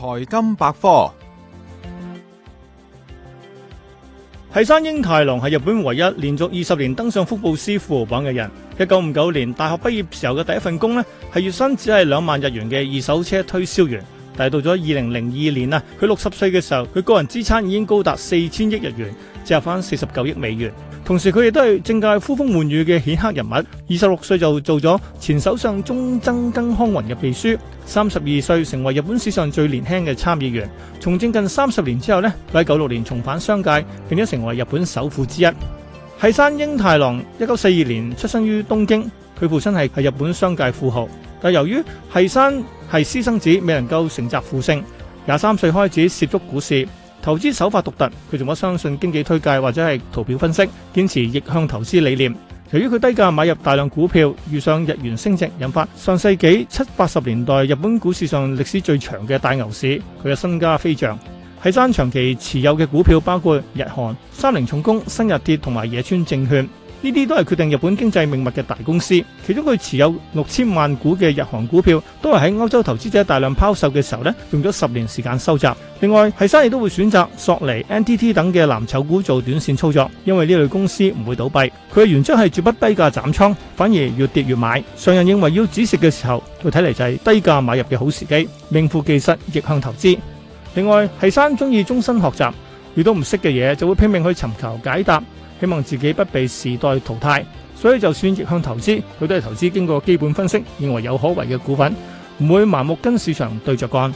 財金百科，系山英太郎係日本唯一連續二十年登上福布斯富豪榜嘅人。一九五九年大學畢業時候嘅第一份工呢係月薪只係兩萬日元嘅二手車推銷員。但係到咗二零零二年啊，佢六十歲嘅時候，佢個人資產已經高達四千億日元，折翻四十九億美元。同時佢亦都係政界呼風喚雨嘅顯赫人物，二十六歲就做咗前首相中曾根康弘嘅秘書，三十二歲成為日本史上最年輕嘅參議員。從政近三十年之後呢，佢喺九六年重返商界，並且成為日本首富之一。系山英太郎，一九四二年出生於東京，佢父親係日本商界富豪，但由於系山係私生子，未能夠承襲父姓。廿三歲開始涉足股市。投資手法獨特，佢仲唔相信經紀推介或者係圖表分析，堅持逆向投資理念。由於佢低價買入大量股票，遇上日元升值，引發上世紀七八十年代日本股市上歷史最長嘅大牛市，佢嘅身家飛漲。系山長期持有嘅股票包括日航、三菱重工、新日鐵同埋野村證券。呢啲都係決定日本經濟命脈嘅大公司，其中佢持有六千萬股嘅日航股票，都係喺歐洲投資者大量拋售嘅時候咧，用咗十年時間收集。另外，係山亦都會選擇索尼、NTT 等嘅藍籌股做短線操作，因為呢類公司唔會倒閉。佢嘅原則係絕不低價斬倉，反而越跌越買。上人認為要止蝕嘅時候，佢睇嚟就係低價買入嘅好時機，名副其實逆向投資。另外，係山中意終身學習，遇到唔識嘅嘢就會拼命去尋求解答。希望自己不被時代淘汰，所以就算逆向投資，佢都係投資經過基本分析，認為有可為嘅股份，唔會盲目跟市場對著幹。